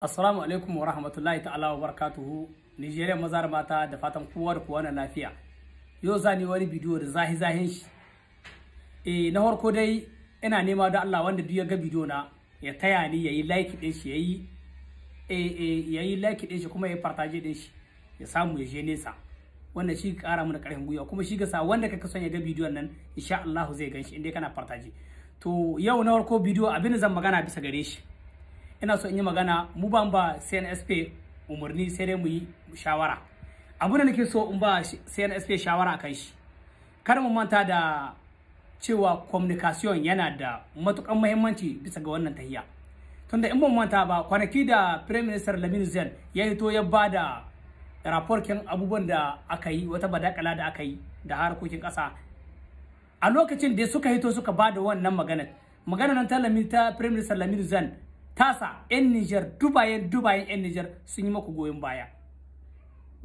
Assalamu alaikum wa rahmatullahi ta'ala wa barakatuhu Nigeria mazar mata da fatan kowa da kowa na lafiya. Yau za ni wani bidiyo da zahi zahin shi. E na farko dai ina nema da Allah wanda duk ya ga bidiyo na ya taya ni yayi like din shi yayi e eh, e eh, yayi like din shi kuma ya partage din shi ya samu ya je nesa. Wannan shi kara mana karfin gwiwa kuma shi ga sa wanda kaka son ya ga bidiyon nan insha Allah zai ganshi shi indai kana partage. To yau na farko bidiyo abin zan magana bisa gare shi. ina so in yi magana mu ban ba CNSP umarni sai dai mu yi shawara abu da nake so in ba CNSP shawara kan shi kar mu manta da cewa communication yana da matukan muhimmanci bisa ga wannan tahiya tunda in mu manta ba kwanaki da Prime Minister Lamin Zen ya yi to ya ba da raporkin abubuwan da aka yi wata badakala da aka yi da harkokin ƙasa a lokacin da suka hito suka ba da wannan magana. maganar nan ta Lamin ta Prime Minister Lamin Zen tasa 'yan Nijar dubayen dubayen 'yan Nijar sun yi maku goyon baya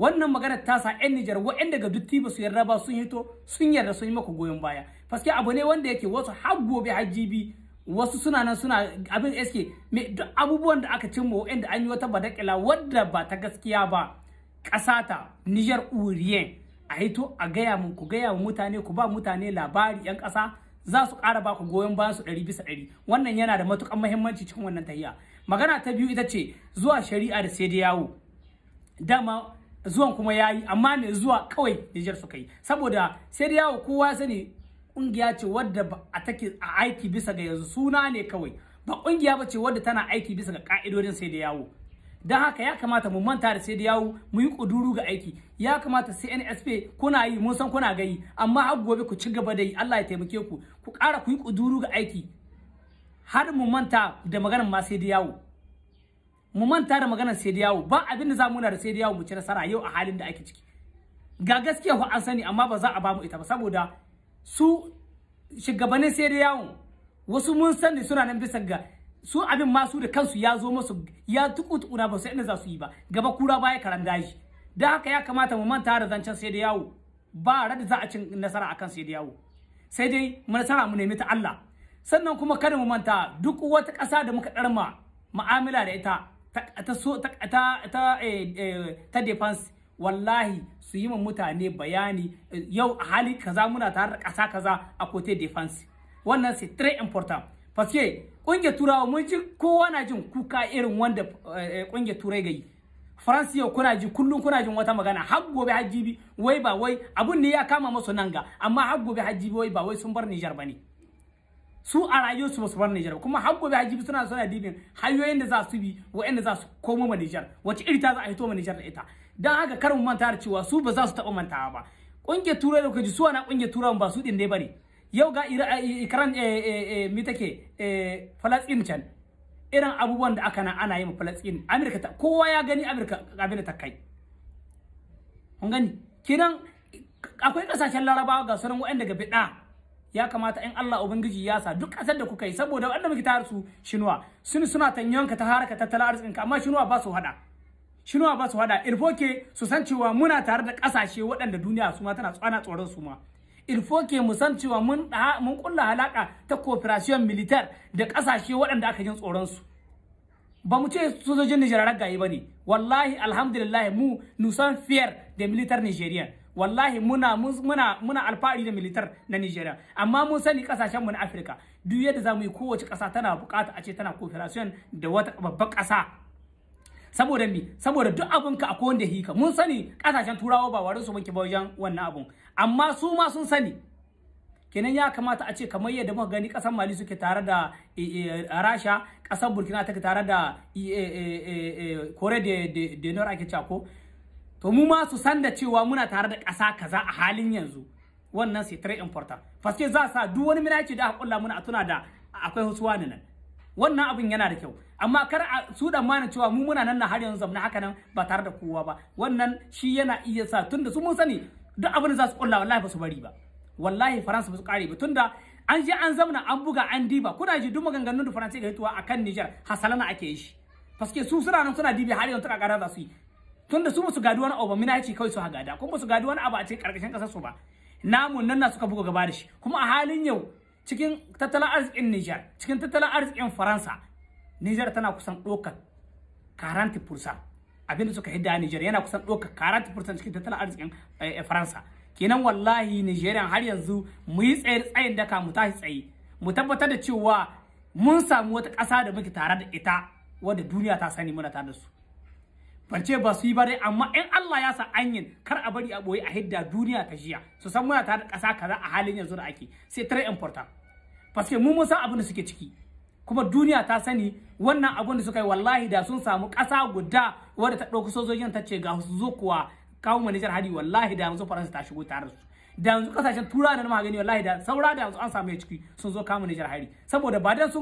wannan maganar tasa 'yan Nijar waɗanda ga dutti ba su yarda ba sun hito sun yarda sun yi maku goyon baya faske abu ne wanda yake wasu har gobe har jibi wasu suna nan suna abin eske duk abubuwan da aka cimma waɗanda an yi wata badakila wadda ba ta gaskiya ba ƙasata Nijar Urien a hito a gaya mun ku gaya mutane ku ba mutane labari 'yan ƙasa za su ƙara ba ku goyon bayan su ɗari bisa ɗari wannan yana da matuƙar muhimmanci cikin wannan tahiya magana ta biyu ita ce zuwa shari'a da sai da yawo dama zuwan kuma ya yi amma mai zuwa kawai Nijar suka yi saboda sai da yawo kowa sani ƙungiya ce wadda a take a aiki bisa ga yanzu suna ne kawai ba ƙungiya ba ce wadda tana aiki bisa ga ƙa'idodin sai da yawo don haka ya kamata mu manta da sai da yawo mu yi kuduru ga aiki ya kamata CNSP kuna yi mun san kuna gayi amma har gobe ku ci gaba da yi Allah ya taimake ku ku ƙara ku yi kuduru ga aiki har mu manta da maganar ma sai da yawo mu manta da maganar sai da yawo ba abin da za mu na da sai da yawo mu ci nasara yau a halin da ake ciki ga gaskiya ku an sani amma ba za a ba mu ita ba saboda su shugabannin sai da yawo wasu mun sani suna nan bisa ga su abin ma su da kansu ya zo musu ya tukutukuna ba su inda za su yi ba gaba kura baya karan daji da haka ya kamata mu manta da zancen sai da yawo ba rada za a cin nasara akan sai da yawo sai dai mu nasara mu nemi ta Allah sannan kuma kada mu manta duk wata ƙasa da muka ɗarma mu'amala da ita ta ta ta ta eh, eh, ta defense wallahi su yi mutane bayani eh, yau a hali kaza muna tare da ƙasa kaza a kote defense wannan sai très important Faske ƙungiyar Turawa mun ji kowa na jin kuka irin wanda kungiyar eh, eh, Turai gayi. Faransi yau kuna ji kullum kuna jin wata magana har gobe har wai ba wai abun ne ya kama masu nan ga amma har gobe har wai ba wai sun bar Nijar Su a rayuwarsu ba su bar Nijar kuma har gobe har suna suna dibin hanyoyin da za su bi waɗanda za su komo ma Nijar wace iri ta za a hito ma Nijar da ita. Dan haka karin manta da cewa su ba za su taɓa mantawa ba. Ƙungiyar Turai da kuka ji su na ƙungiyar Turawan ba su ɗin dai ne. yau ga iran eh, eh, eh, mita ke falastin can irin abubuwan da aka nan ana yi ma falatsin amurka ta kowa ya gani amurka abin da ta kai kun gani kinan akwai kasashen larabawa ga sauran wa'anda ga bida ya kamata in Allah ubangiji ya sa duk kasar da kuka yi saboda wanda muke tare su shinuwa sun suna ka ta haraka tattalin arzikinka amma shinuwa ba su hada shinuwa ba su hada irfoke su san cewa muna tare da kasashe waɗanda duniya su ma tana tsana tsoron su ma faut ke mu san cewa mun mun kulla halaka ta cooperation militar da kasashe waɗanda aka jin tsoron su ba mu ce sojojin Nijar ragaye bane wallahi alhamdulillah mu nusan fiyar da militar Nigerian wallahi muna muna muna alfahari da militar na Nigeria amma mun sani kasashen mu na Afirka duk yadda za mu yi kowace kasa tana bukata a ce tana cooperation da wata babbar kasa saboda mi saboda duk abin ka akwai wanda hika mun sani kasashen turawa ba warin su banki ba wajen wannan abun amma su ma sun sani kenan ya kamata a ce kamar yadda muka gani kasar mali suke tare da eh, eh, rasha kasar burkina take tare da eh, kore da nor ake ko to mu ma su san da cewa muna tare da kasa kaza a halin yanzu wannan sai tare important parce za sa duk wani mina yake da aka muna tuna da akwai husuwa ne nan wannan abin yana da kyau amma kar a su mana cewa mu muna nan na har yanzu zamna haka nan ba tare da kowa ba wannan shi yana iya sa tunda su mun sani duk abin da za su kulla wallahi ba su bari ba wallahi faransa ba su kare ba tunda an je an zamna an buga an diba kuna ji duk maganganun da faransa ga hituwa akan Niger hasalana ake yi shi paske su suna nan suna dibi har yanzu tana kara za su yi tunda su musu gadi wani abu mina kawai su hagada kuma su gadi wani abu a cikin karkashin kasar su ba namun nan na suka buga gaba da shi kuma a halin yau cikin tattalin arzikin Niger cikin tattalin arzikin Faransa Niger tana kusan ɗaukar 40% abin da suka hidda a Nijeriya yana kusan ɗaukar karatu furtan cikin tattalin arzikin eh, Faransa kenan wallahi Nijeriya har yanzu mu yi tsayar tsayin daka mu tashi tsaye mu tabbatar da cewa mun samu wata ƙasa da muke tare da ita wadda duniya ta sani muna tare da su ban ba su yi ba dai amma in Allah ya sa an yin kar a bari a ɓoye a hidda duniya ta jiya su san muna tare da ƙasa kaza a halin yanzu da ake sai tare important paske mu mun san abin da suke ciki kuma duniya ta sani wannan abun da suka yi wallahi da sun samu kasa guda wadda ta ɗauki sojojin ta ce ga su zo kuwa kawo mu Nijar hadi wallahi da yanzu Faransa ta shigo tare da su da yanzu kasashen turawa da na magani wallahi da saura da yanzu an samu ya ciki sun zo kawo mu Nijar hari saboda ba dan sun